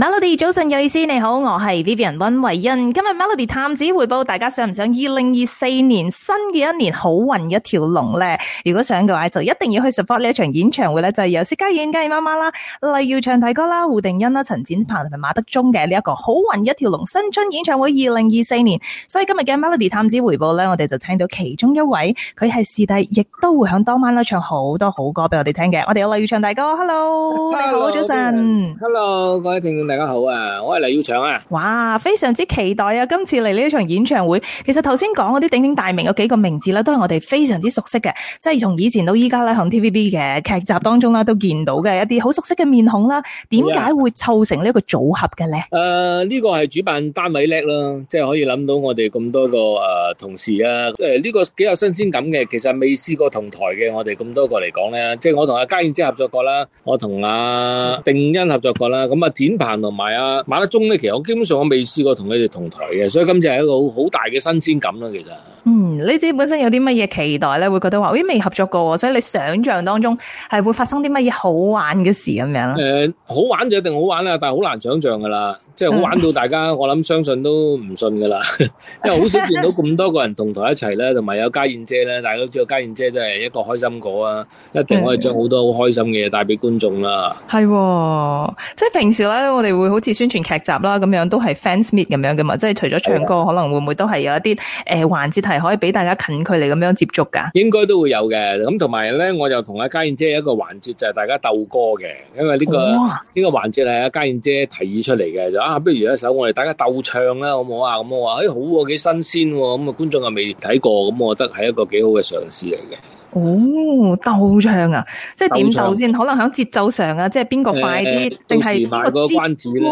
Melody 早晨，有意思，你好，我係 Vivian 溫慧欣。今日 Melody 探子回報，大家想唔想2024年新嘅一年好運一條龍呢？如果想嘅話，就一定要去 support 呢場演唱會呢就係由薛家燕、家燕媽媽啦、黎耀祥大哥啦、胡定欣啦、陳展鵬同埋馬德鐘嘅呢一個好運一條龍新春演唱會2024年。所以今日嘅 Melody 探子回報呢，我哋就請到其中一位，佢係視帝，亦都會響當晚咧唱好多好歌俾我哋聽嘅。我哋有黎耀祥大哥 hello,，Hello，你好，hello, 早晨，Hello，各位大家好啊！我係黎耀祥啊！哇，非常之期待啊！今次嚟呢一場演唱會，其實頭先講嗰啲鼎鼎大名嗰幾個名字咧，都係我哋非常之熟悉嘅，即係從以前到依家咧，響 TVB 嘅劇集當中啦，都見到嘅一啲好熟悉嘅面孔啦。點解會湊成呢一個組合嘅咧？誒、嗯、呢、呃，這個係主辦單位叻啦，即係可以諗到我哋咁多個誒、呃、同事啊，誒、這、呢個幾有新鮮感嘅。其實未試過同台嘅我哋咁多個嚟講咧，即係我同阿嘉燕姐合作過啦，我同阿、啊嗯、定欣合作過啦，咁啊展鵬。同埋啊，馬德鐘咧，其實我基本上我未試過同佢哋同台嘅，所以今次係一個好好大嘅新鮮感啦，其實。嗯你自己本身有啲乜嘢期待咧？會覺得話，誒，未合作過，所以你想象當中係會發生啲乜嘢好玩嘅事咁樣啦，誒、呃、好玩就一定好玩啦，但係好難想象噶啦，即、就、係、是、好玩到大家 我諗相信都唔信噶啦， 因為好少見到咁多個人同台一齊咧，同 埋有佳燕姐咧，大家都知道家燕姐真係一個開心果啊，一定可以將好多好開心嘅嘢帶俾觀眾啦。係、嗯哦，即係平時咧，我哋會好似宣傳劇集啦咁樣，都係 fans meet 咁樣嘅嘛。即係除咗唱歌，可能會唔會都係有一啲誒環節係可以俾。大家近距離咁樣接觸噶應該都會有嘅。咁同埋咧，我就同阿嘉燕姐一個環節就係大家鬥歌嘅，因為呢、呢個呢、哦呢個環節係阿嘉燕姐提議出嚟嘅，就啊，不如一首我哋大家鬥唱啦，好唔好啊？咁、嗯、我話誒、哎，好，幾新鮮，咁、嗯、啊觀眾又未睇過，咁、嗯、我覺得係一個幾好嘅嘗試嚟嘅。哦，鬥唱啊！即係點鬥先？可能響節奏上啊，即係邊個快啲，定係個關子咧？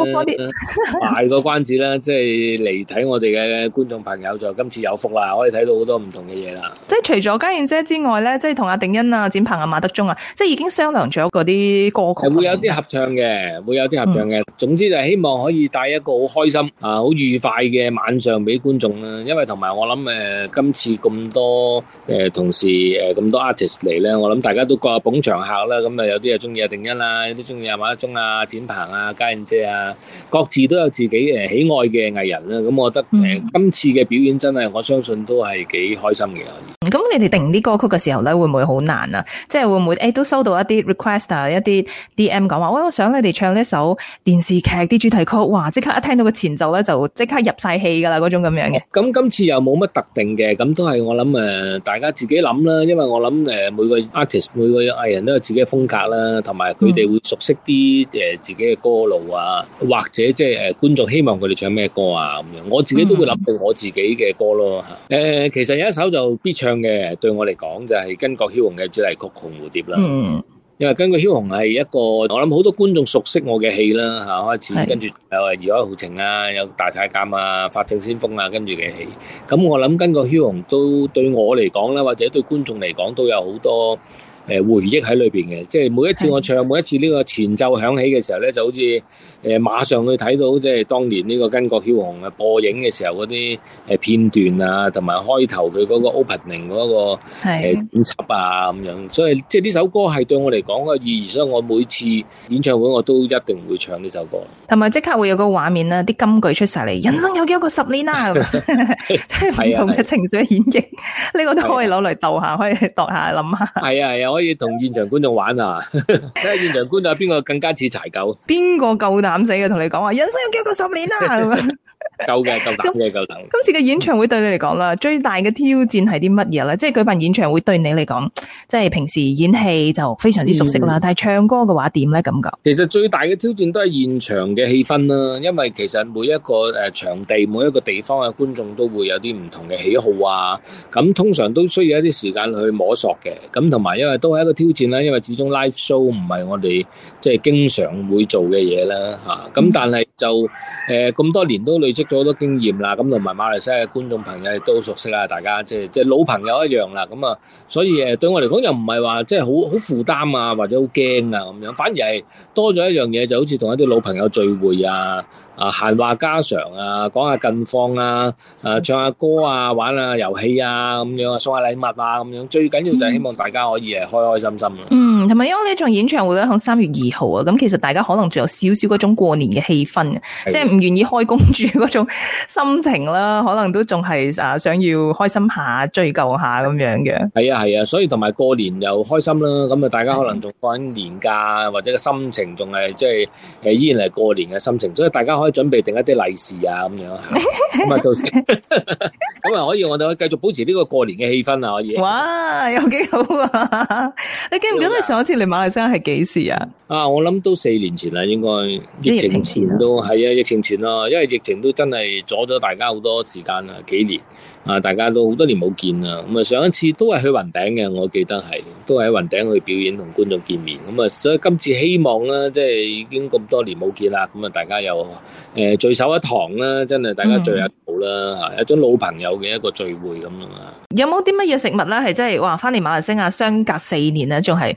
賣個 關子啦，即係嚟睇我哋嘅觀眾朋友就今次有福啦，可以睇到好多唔同嘅嘢啦。即係除咗家燕姐之外咧，即係同阿定欣啊、展鵬啊、馬德忠啊，即係已經商量咗嗰啲歌曲。會有啲合唱嘅、嗯，會有啲合唱嘅。總之就係希望可以帶一個好開心啊、好愉快嘅晚上俾觀眾啦、啊。因為同埋我諗誒、呃，今次咁多誒同事誒咁。呃多 artist 嚟咧，我諗大家都各有捧場客啦。咁啊，有啲啊中意阿定欣啦，有啲中意阿馬德鐘啊、展鵬啊、家燕姐啊，各自都有自己誒喜愛嘅藝人啦。咁我覺得誒、嗯，今次嘅表演真係，我相信都係幾開心嘅。咁、嗯、你哋定啲歌曲嘅時候咧，會唔會好難啊？即係會唔會誒、欸、都收到一啲 request 啊，一啲 DM 講話，喂，我想你哋唱呢首電視劇啲主題曲，哇！即刻一聽到個前奏咧，就即刻入晒戲噶啦，嗰種咁樣嘅。咁、哦、今次又冇乜特定嘅，咁都係我諗誒、呃，大家自己諗啦。因為我諗誒、呃，每個 artist 每個藝人都有自己嘅風格啦，同埋佢哋會熟悉啲誒自己嘅歌路啊，嗯、或者即係誒觀眾希望佢哋唱咩歌啊咁樣。我自己都會諗定我自己嘅歌咯。誒、呃，其實有一首就必唱。嘅對我嚟講就係巾幗梟雄嘅主題曲紅蝴蝶啦，因為巾幗梟雄係一個我諗好多觀眾熟悉我嘅戲啦吓，開始跟住又係義海豪情啊，有大太監啊，法證先鋒啊，跟住嘅戲，咁我諗巾幗梟雄都對我嚟講咧，或者對觀眾嚟講都有好多誒回憶喺裏邊嘅，即係每一次我唱，每一次呢個前奏響起嘅時候咧，就好似。誒，馬上去睇到即係當年呢、這個巾幗梟雄嘅播映嘅時候嗰啲誒片段啊，同埋開頭佢嗰個 opening 嗰個誒剪輯啊咁樣，所以即係呢首歌係對我嚟講嘅意義，所以我每次演唱會我都一定會唱呢首歌。同埋即刻會有個畫面啊，啲金句出晒嚟，人生有幾多個十年啊？即係唔同嘅情緒演繹，呢、啊、 個都可以攞嚟鬥下，可以度下諗下。係啊係啊，可以同現場觀眾玩啊，睇 下現場觀眾邊個更加似柴狗，邊個夠膽。慘死嘅，同你講話，人生有幾多個十年啊？ 夠嘅，夠膽嘅，夠膽。今次嘅演唱會對你嚟講啦，最大嘅挑戰係啲乜嘢咧？即係舉辦演唱會對你嚟講，即係平時演戲就非常之熟悉啦、嗯。但係唱歌嘅話點咧？感覺其實最大嘅挑戰都係現場嘅氣氛啦，因為其實每一個誒場地每一個地方嘅觀眾都會有啲唔同嘅喜好啊。咁通常都需要一啲時間去摸索嘅。咁同埋因為都係一個挑戰啦，因為始終 live show 唔係我哋即係經常會做嘅嘢啦。吓咁，但係就誒咁多年都。累積咗好多經驗啦，咁同埋馬來西亞嘅觀眾朋友亦都熟悉啦，大家即係即係老朋友一樣啦，咁啊，所以誒對我嚟講又唔係話即係好好負擔啊，或者好驚啊咁樣，反而係多咗一樣嘢，就好似同一啲老朋友聚會啊。啊閒話家常啊，講下近況啊，誒唱下歌啊，玩下遊戲啊，咁樣啊，送下禮物啊，咁樣最緊要就係希望大家可以誒開開心心啦。嗯，同埋因為呢場演唱會咧，響三月二號啊，咁其實大家可能仲有少少嗰種過年嘅氣氛，即係唔願意開工住嗰種心情啦，可能都仲係啊想要開心下、追究下咁樣嘅。係啊係啊，所以同埋過年又開心啦，咁啊大家可能仲放緊年假，或者個心情仲係即係誒依然係過年嘅心情，所以大家可以，準備定一啲利是啊，咁樣吓，咁啊到時咁啊可以，我哋可以繼續保持呢個過年嘅氣氛啊，可以。哇，有幾好啊！你記唔記得你上一次嚟馬來西亞係幾時啊？啊，我諗都四年前啦，應該疫情前都係啊，疫情前咯，因為疫情都真係阻咗大家好多時間啦，幾年啊，大家都好多年冇見啦。咁啊，上一次都係去雲頂嘅，我記得係都係喺雲頂去表演同觀眾見面。咁啊，所以今次希望咧，即係已經咁多年冇見啦，咁啊，大家又～誒、呃，聚首一堂啦、啊，真係大家聚下、啊。Mm-hmm. 啦，係一種老朋友嘅一個聚會咁樣啊！有冇啲乜嘢食物咧？係真係哇！翻嚟馬來西亞相隔四年咧，仲係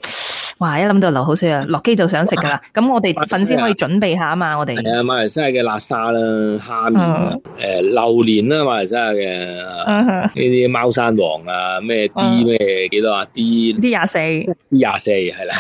哇！一諗到就流口水啊，落機就想食噶啦。咁我哋粉絲可以準備一下啊嘛！我哋啊，馬來西亞嘅辣沙啦，蝦麵啊，誒榴蓮啦，馬來西亞嘅呢啲貓山王啊，咩啲咩幾多啊啲啲廿四啲廿四係啦，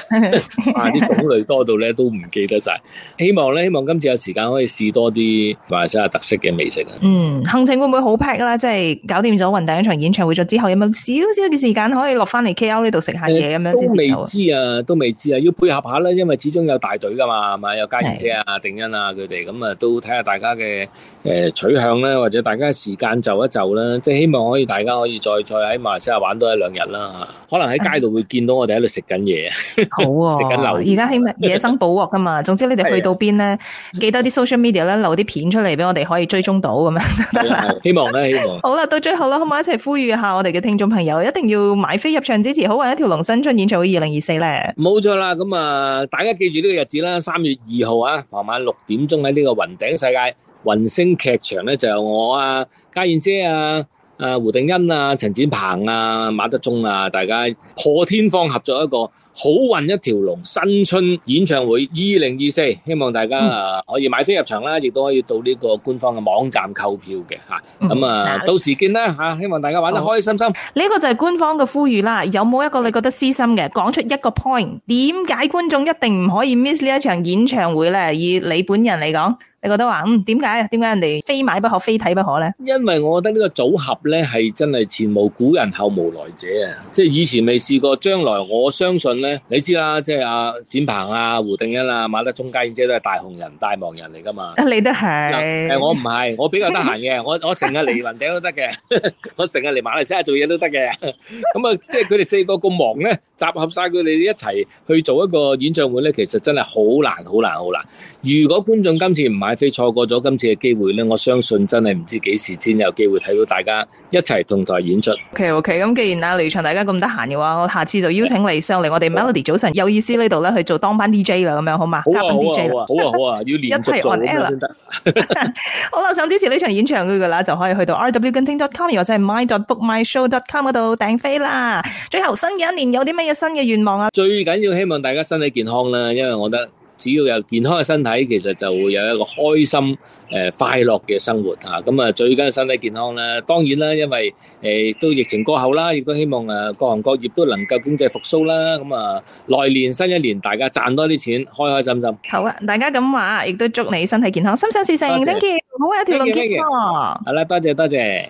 啲、嗯、 種類多到咧都唔記得晒。希望咧，希望今次有時間可以試多啲馬來西亞特色嘅美食啊！嗯。行程會唔會好 pack 啦？即係搞掂咗雲大嗰場演唱會咗之後，有冇少少嘅時間可以落翻嚟 KL 呢度食下嘢咁樣先，未知啊，都未知啊，要配合下啦，因為始終有大隊噶嘛，係咪有佳怡姐啊、定欣啊佢哋咁啊，都睇下大家嘅誒取向啦，或者大家時間就一就啦。即係希望可以大家可以再再喺馬來西亞玩多一兩日啦。可能喺街度會見到我哋喺度食緊嘢， 好喎、啊，食緊流，而家希望野生捕獲噶嘛。 總之你哋去到邊咧，記得啲 social media 咧留啲片出嚟俾我哋可以追蹤到咁樣。 希望咧，希望，希望 好啦，到最後啦，可唔可以一齊呼籲下我哋嘅聽眾朋友，一定要買飛入場支持，好運一條龍新春演唱會二零二四咧，冇錯啦，咁啊，大家記住呢個日子啦，三月二號啊，傍晚六點鐘喺呢個雲頂世界雲星劇場咧，就有我啊嘉燕姐啊，啊，胡定欣啊，陳展鵬啊，馬德鐘啊，大家破天荒合作一個好運一條龍新春演唱會2024，希望大家啊可以買飛入場啦，亦、嗯、都可以到呢個官方嘅網站購票嘅嚇咁、嗯、啊，到時見啦嚇，希望大家玩得開心心。呢、哦這個就係官方嘅呼籲啦。有冇一個你覺得私心嘅，講出一個 point，點解觀眾一定唔可以 miss 呢一場演唱會咧？以你本人嚟講？你覺得話嗯，點解啊？點解人哋非買不可、非睇不可咧？因為我覺得呢個組合咧，係真係前無古人後無來者啊！即係以前未試過，將來我相信咧，你知啦，即係阿展鵬啊、胡定欣啊、馬德鐘、佳燕姐都係大紅人、大忙人嚟噶嘛。你都係誒，我唔係，我比較得閒嘅，我 我成日嚟雲頂都得嘅，我成日嚟馬來西亞做嘢都得嘅。咁啊，即係佢哋四個咁忙咧，集合晒佢哋一齊去做一個演唱會咧，其實真係好難、好難、好難。如果觀眾今次唔買，太飛，錯過咗今次嘅機會咧，我相信真係唔知幾時先有機會睇到大家一齊同台演出。OK OK，咁既然阿李翔大家咁得閒嘅話，我下次就邀請你上嚟我哋 Melody 早晨、yeah. 有意思呢度咧去做當班 DJ 啦，咁樣好嘛？好啊好啊好啊好啊，好啊好啊好啊好啊 要連一齊按 l e 得。 好啦，啊，我想支持呢場演唱會嘅啦，就可以去到 RwGenting.com，又或者係 MyBookMyShow.com 嗰度訂飛啦。最後新嘅一年有啲咩新嘅願望啊？最緊要希望大家身體健康啦，因為我覺得。只要有健康嘅身體，其實就會有一個開心、誒快樂嘅生活嚇。咁啊，最緊要身體健康啦。當然啦，因為誒都疫情過後啦，亦都希望誒各行各業都能夠經濟復甦啦。咁啊，來年新一年，大家賺多啲錢，開開心心。好啊，大家咁話，亦都祝你身體健康，心想事成，Thank you。好運一條龍結。好啦，多謝多謝。